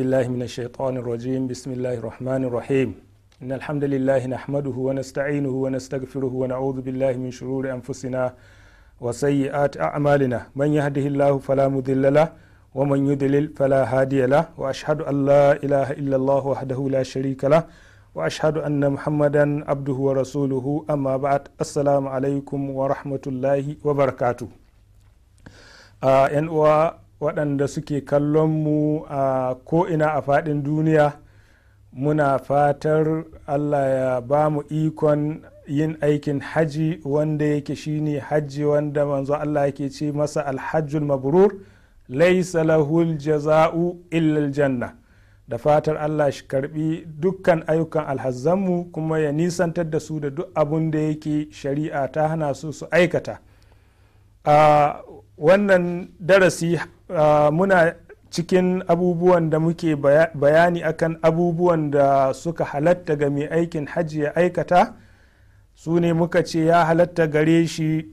بالله من الشيطان الرجيم بسم الله الرحمن الرحيم إن الحمد لله نحمده ونستعينه ونستغفره ونعوذ بالله من شرور أنفسنا وسيئات أعمالنا من يهده الله فلا مضل له ومن يضلل فلا هادي له وأشهد أن لا إله إلا الله وحده لا شريك له وأشهد أن محمدا عبده ورسوله أما بعد السلام عليكم ورحمة الله وبركاته آه waɗanda suke kallon mu a ko'ina a faɗin duniya muna fatar allah ya ba mu ikon yin aikin hajji wanda yake shine hajji wanda manzo allah yake ce masa alhajjul mabrur laisa lahul jaza'u illal janna da fatar allah shi karbi dukkan ayyukan alhazzanmu kuma ya nisantar da su da duk abun da yake shari'a ta hana su su aikata wannan darasi muna cikin abubuwan da muke bayani akan abubuwan da suka halatta ga mai aikin hajji ya aikata su ne muka ce ya halatta gare shi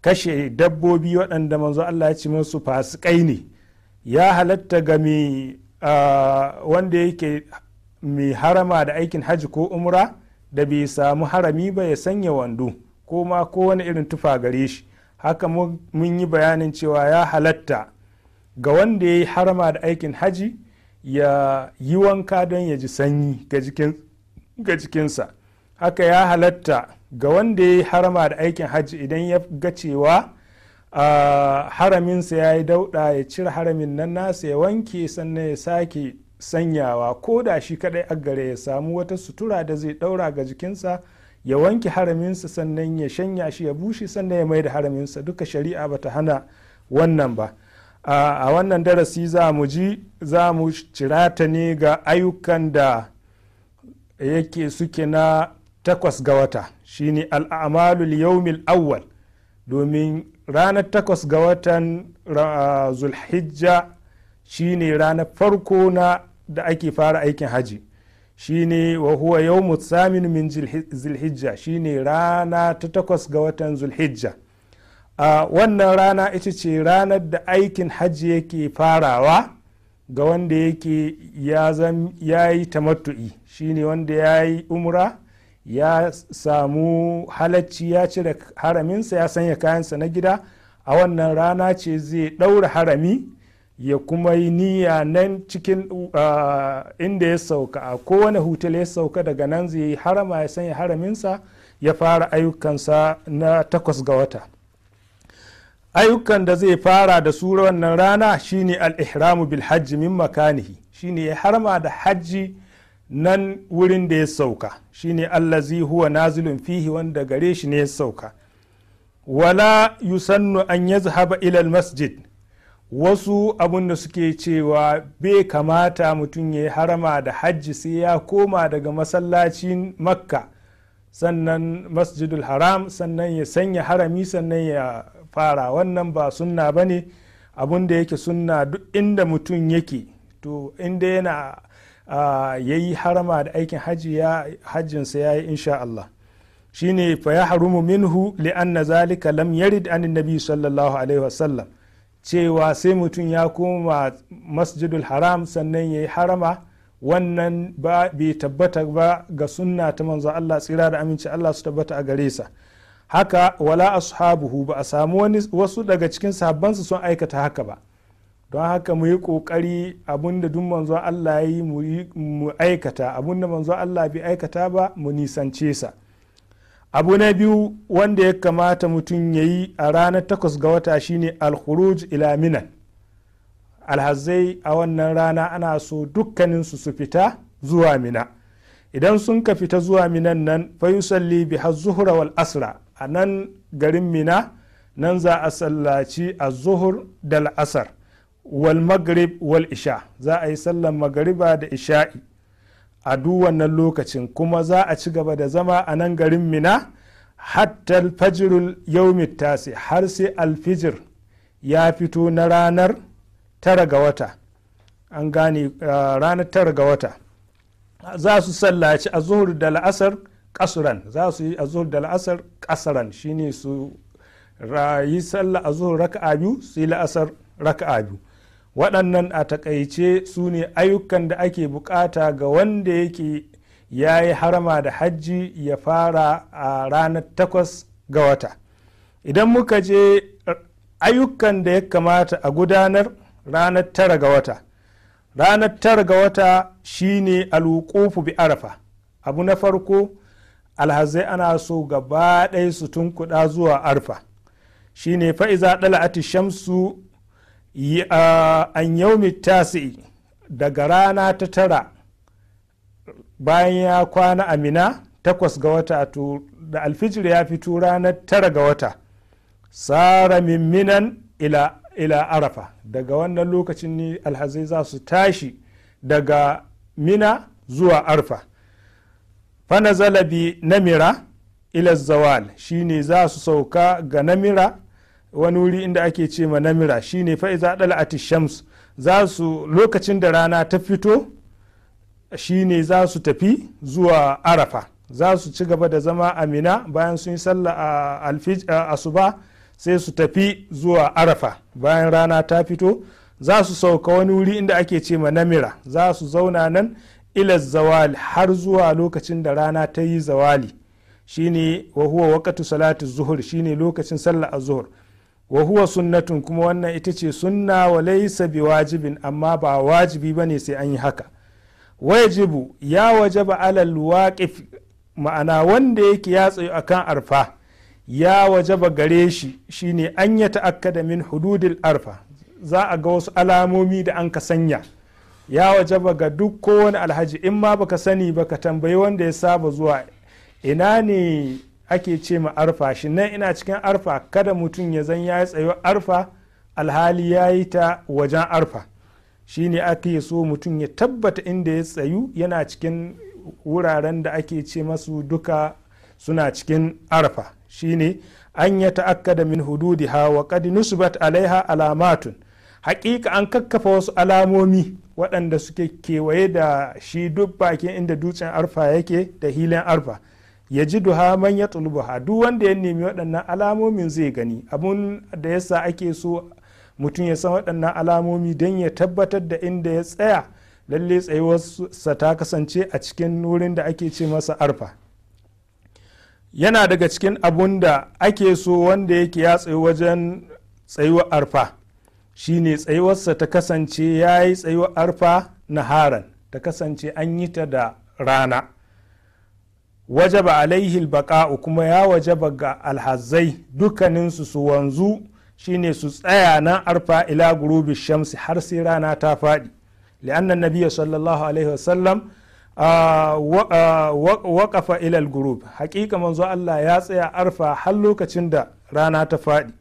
kashe dabbobi waɗanda manzo Allah ya ci musu fasikai ne ya halatta ga mai wanda yake mai harama da aikin hajji ko umra da bai samu harami ba ya sanya wando ko ma kowane irin tufa gare shi haka mun yi bayanin cewa ya halatta ga wanda ya yi harama da aikin haji ya yi wanka don ya ji sanyi ga jikinsa haka ya halatta ga wanda ya yi harama da aikin haji idan ya ga cewa haraminsa ya yi dauɗa ya cire haramin nan nasa ya wanke sannan ya sake sanyawa ko da shi kadai aggare ya samu wata sutura da zai ɗaura ga jikinsa ya wanke haraminsa sannan ya shanya shi ya bushe sannan ya mai da haraminsa duka shari'a ba ta hana wannan ba a wannan darasi za mu ji za mu ta ne ga ayyukan da yake suke na takwas ga wata shine al'amalul yaumil awwal domin ranar takwas ga watan zulhijja shine ranar farko na da ake fara aikin haji shine wa huwa yawmu thamin min zulhijja shine rana ta takwas ga watan zulhijja a wannan rana ita ce ranar da aikin hajji yake farawa ga wanda yake ya yi tamattu'i shine wanda ya yi umra ya samu halacci ya cire haraminsa ya sanya kayansa na gida a wannan rana ce zai ɗaura harami ya kuma yi niyya nan cikin ah, inda ya sauka a kowane hutu ya sauka daga nan zai yi harama ya sanya haraminsa ya fara ayyukansa na takwas ga wata ayyukan da zai fara da sura wannan rana shine al-ihramu bil hajji min makanihi shine ya harama da hajji nan wurin da ya sauka shine allazi huwa nazilun fihi wanda gare shi ne ya sauka wala yusannu an yazhaba ila al masjid wasu abin da suke cewa bai kamata mutum ya yi harama da hajji sai ya koma daga masallacin makka sannan masjidul haram sannan ya sanya harami sannan ya fara wannan ba sunna ba ne abin da yake sunna duk inda mutum yake to inda yana ya yi harama da aikin hajji ya hajjinsa ya yi insha Allah shine fa ya harumu minhu li'anna zalika lam yarid an nabi sallallahu alaihi wasallam cewa sai mutum ya koma masjidul haram sannan ya yi harama wannan ba bai tabbata ba ga sunna ta manzo Allah tsira da aminci Allah su tabbata a gare sa haka wala ashabuhu ba a samu wasu daga cikin sahabbansa sun aikata haka ba don haka mu yi kokari abinda duk manzo Allah ya yi mu aikata abinda manzo Allah bai aikata ba mu nisance sa abu na biyu wanda ya kamata mutum ya yi a ranar takwas ga wata shine alkhuruj ila minan alhazai a wannan rana ana so dukkaninsu su fita zuwa mina idan sun ka fita zuwa minan nan fayusalli bi zuhura wal asra a nan garin mina nan za a sallaci a zuhur da al'asar wal maghrib wal isha za a yi sallan magariba da isha'i a duk wannan lokacin kuma za a ci gaba da zama a nan garin mina hatta alfajirul yaumi tasi har sai alfijir ya fito na ranar tara ga wata an gane ranar tara ga wata za su sallaci a zuhur da la'asar kasuran za su yi a zuhur da la'asar kasaran shine su rayi sallah a zuhur raka'a biyu su yi la'asar raka'a biyu waɗannan a takaice su ne ayyukan da ake bukata ga wanda yake ya yi harama da hajji ya fara a ranar takwas ga wata idan muka je eh, ayyukan da ya kamata a gudanar ranar tara ga wata ranar tara ga wata shine alwukufu bi arafa abu na farko alhazai ana so gaba ɗaya su tunkuɗa zuwa arfa shine fa'iza ɗala'ati shamsu an yau mai daga rana ta tara bayan ya kwana amina takwas ga wata da alfijir ya fito ranar tara ga wata tsara mimminan ila, arafa daga wannan lokacin ne alhazai za su tashi daga mina zuwa arfa fana zalabi namira ila zawal shine za su sauka ga namira wani wuri inda ake ce ma namira shine fa iza shams za su lokacin da rana ta fito shine za su tafi zuwa arafa za su ci gaba da zama a mina bayan sun yi sallah a asuba sai su tafi zuwa arafa bayan rana ta fito za su sauka wani wuri inda ake ce ma namira za su zauna nan ila zawali har zuwa lokacin da rana ta yi zawali shine wa huwa waqtu zuhur shine lokacin sallah az-zuhur wa huwa sunnatun kuma wannan ita ce sunna wa laysa wajibin amma ba wajibi bane sai an yi haka wajibu ya wajaba alal waqif ma'ana wanda yake ya tsayo akan arfa ya wajaba gare shi shine an ya ta'akkada min hududil arfa za a ga wasu alamomi da an ka sanya ya wajaba ga duk kowane alhaji in ma baka sani baka tambayi wanda ya saba zuwa ina ne ake ce ma arfa shi nan ina cikin arfa kada mutum ya zan ya tsayo arfa alhali ya yi ta wajen arfa shi ne ake so mutum ya tabbata inda ya tsayu yana cikin wuraren da ake ce masu duka suna cikin arfa shi ne an ya ta'akkada min hududiha wa qad nusbat alaiha alamatun haƙiƙa an kakkafa wasu alamomi waɗanda suke kewaye da shi duk bakin inda dutsen arfa yake da hilin arfa ya ji duha man ya tulubuha duk wanda ya nemi waɗannan alamomin zai gani abun da yasa ake so mutum ya san waɗannan alamomi don ya tabbatar da inda ya tsaya lalle tsayuwarsa ta kasance a cikin wurin da ake ce masa arfa yana daga cikin abun da ake so wanda yake ya tsayi wajen tsayuwar arfa shine tsayuwarsa ta kasance ya yi tsayuwar arfa na haran ta kasance an yi ta da rana wajaba alaihi baka'u kuma ya wajaba ga alhazai dukkaninsu su wanzu shine su tsaya na arfa ila gurubi shamsi har sai rana ta faɗi li'annan nabiya sallallahu alaihi wasallam waƙafa ilal gurubi haƙiƙa manzo Allah ya tsaya arfa har lokacin da rana ta faɗi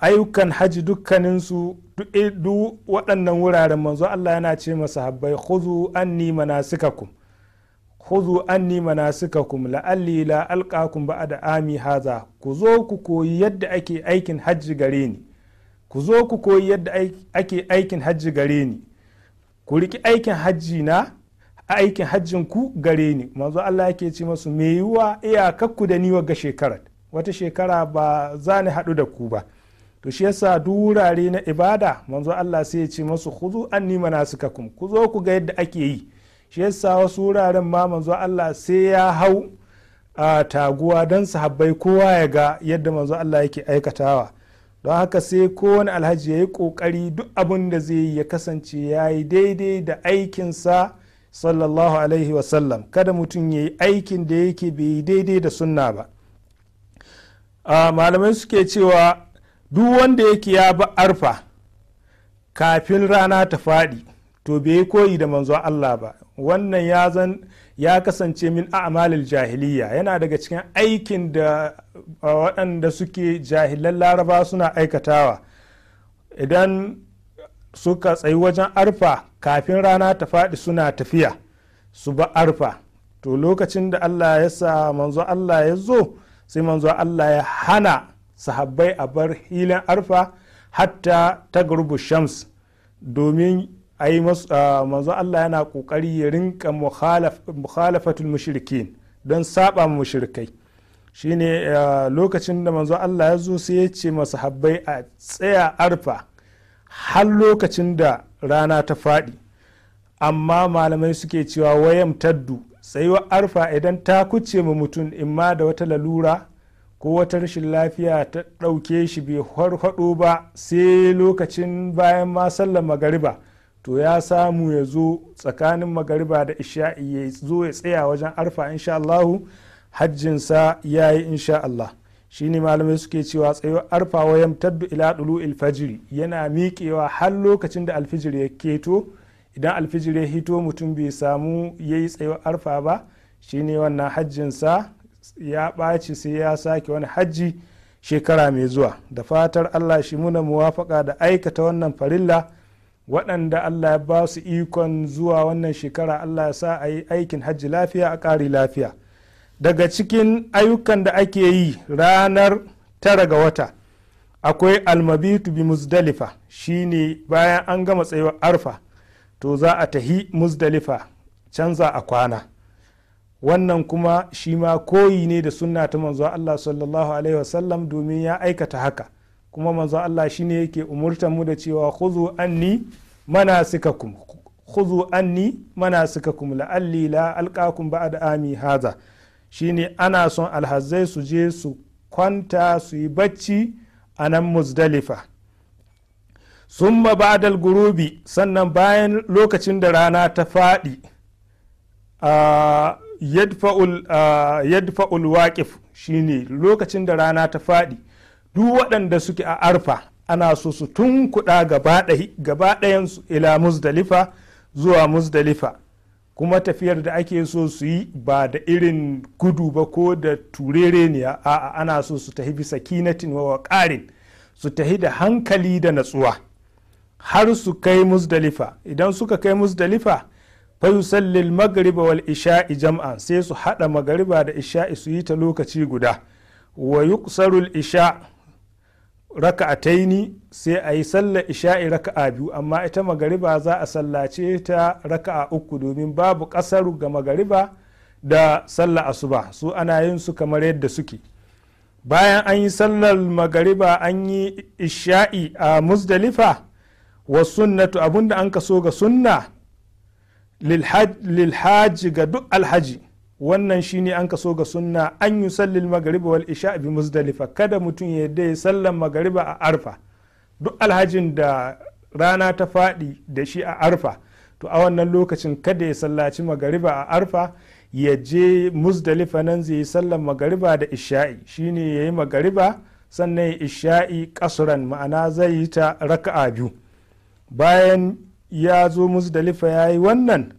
ayyukan haji dukkaninsu duk waɗannan wuraren manzo Allah yana ce masa habbai khuzu anni manasikakum khudhu anni manasikakum la'alli la alqakum ba'da ami haza ku zo ku koyi yadda ake aikin hajji gare ni ku zo ku koyi yadda ake aikin hajji gare ni ku riki aikin hajji na aikin hajjin ku gare ni manzo Allah yake ce masu me yiwa iyakakku da ni ga shekarar wata shekara ba za ni haɗu da ku ba to shi yasa duk wurare na ibada manzo Allah sai ya ce masu khudhu anni manasikakum ku zo ku ga yadda ake yi shi yasa wasu wuraren ma manzo Allah sai ya hau a taguwa don sahabbai kowa ya ga yadda manzo Allah yake aikatawa don haka sai kowane alhaji ya yi kokari duk abin da zai yi ya kasance ya yi daidai da aikinsa sallallahu alaihi wasallam kada mutum ya yi aikin da yake bai yi daidai da sunna ba malamai suke cewa duk wanda yake ya bi arfa kafin rana ta faɗi to bai yi koyi da manzo Allah ba wannan ya ya kasance min a'malil jahiliya yana daga cikin aikin da waɗanda suke jahilan laraba suna aikatawa idan suka tsayi wajen arfa kafin rana ta faɗi suna tafiya su ba arfa to lokacin da Allah ya sa manzo Allah ya zo sai manzo Allah ya hana sahabbai a bar hilin arfa hatta ta shams domin ai ah, manzo Allah yana kokari ya rinka mukhalafatul mushrikin don saba ma mushrikai shine ah, lokacin da manzo Allah ya zo sai ya ce habbai a tsaya arfa har lokacin da rana ta faɗi amma malamai suke cewa wayan taddu tsayuwar arfa idan ta kuce ma mutum imma da wata lalura ko wata rashin lafiya ta ɗauke shi bai harhaɗo ba sai lokacin bayan ma sallar magariba to ya samu ya zo tsakanin magariba da isha'i ya zo ya tsaya wajen arfa insha Allahu hajjinsa ya yi insha Allah shi ne malamai suke cewa tsayo arfa wayan yamtaddu ila dulu ilfajiri yana miƙewa har lokacin da alfijir ya keto idan alfijir ya hito mutum bai samu ya yi tsayo arfa ba shi ne wannan hajjinsa ya ɓaci sai ya sake wani hajji shekara mai zuwa da fatar allah shi muna muwafaka da aikata wannan farilla waɗanda allah ya ba su ikon zuwa wannan shekara allah ya sa a yi aikin hajji lafiya a ƙari lafiya daga cikin ayyukan da ake yi ranar tara ga wata akwai almabitu bi muzdalifa shine bayan an gama tsayuwar arfa to za a tahi muzdalifa canza a kwana wannan kuma shi ma koyi ne da sunna ta manzo allah sallallahu alaihi wasallam domin ya aikata haka kuma manzo Allah shine yake umurtan mu da cewa khuzu anni manasikakum khuzu anni manasikakum la'alli la alqakum ba'da ami haza shine ana son alhazai su je su kwanta su yi bacci a nan muzdalifa summa ba'dal gurubi sannan bayan lokacin da rana ta faɗi yadfa'ul waqif shine lokacin da rana ta faɗi duk waɗanda suke a arfa ana so su tun gaba ɗayansu ila muzdalifa zuwa muzdalifa kuma tafiyar da ake so su yi ba da irin gudu ba ko da turereniya a ana so su tafi bisa kinatin wa ƙarin su tafi da hankali da natsuwa har su kai muzdalifa idan suka kai muzdalifa yusallil magriba wal isha'i jam'an sai su hada magariba da isha'i su yi ta lokaci guda wa yuqsarul isha' raka'ataini sai a yi sallar isha'i raka'a biyu amma ita magariba za a sallace ta raka'a uku domin babu ƙasaru ga magariba da sallar asuba su ana yin su kamar yadda suke bayan an yi sallar magariba an yi isha'i a musdalifa wa sunnatu abinda an kaso ga sunna lilhaji ga duk alhaji wannan shine an kaso ga sunna an yi sallil magariba wal isha bi muzdalifa kada mutum ya dai sallan magariba a arfa duk alhajin da rana ta faɗi da shi a arfa to a wannan lokacin kada ya sallaci magariba a arfa ya je muzdalifa nan zai yi sallan magariba da isha'i shine ya yi magariba sannan ya isha'i kasuran ma'ana zai yi ta raka'a biyu bayan ya zo muzdalifa ya yi wannan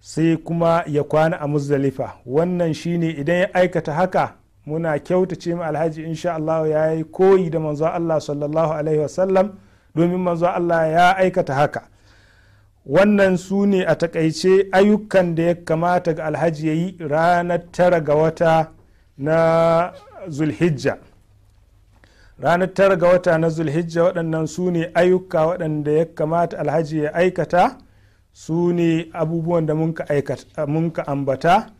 sai kuma ya kwana a muzdalifa wannan shine idan ya aikata haka muna kyautace ma alhaji insha Allah ya yi koyi da manzo Allah sallallahu alaihi wasallam domin manzo Allah ya aikata haka wannan su ne a takaice ayyukan da ya kamata ga alhaji ya yi ranar tara ga wata na zulhijja ranar tara ga wata na zulhijja waɗannan su ne ayyuka waɗanda ya kamata alhaji ya aikata su ne abubuwan da mun ka ambata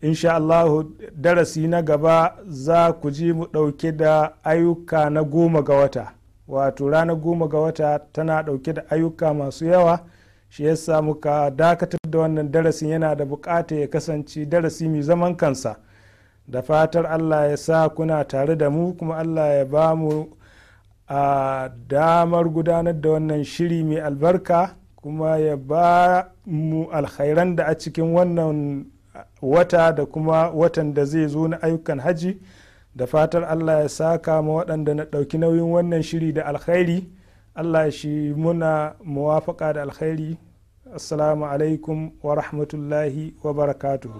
insha Allah darasi na gaba za ku ji mu ɗauke da ayyuka na goma ga wata wato ranar goma ga wata tana ɗauke da ayyuka masu yawa shi yasa muka dakatar da wannan darasin yana da bukata ya kasance darasi mai zaman kansa da fatar allah ya sa kuna tare da mu kuma allah ya ba mu a damar gudanar da wannan shiri mai albarka kuma ya ba mu alkhairan da a cikin wannan wata da kuma watan da zai zo na ayyukan haji da fatar allah ya saka ma waɗanda na ɗauki nauyin wannan shiri da alkhairi allah shi muna muwafaka da alkhairi assalamu alaikum wa rahmatullahi wa barakatuhu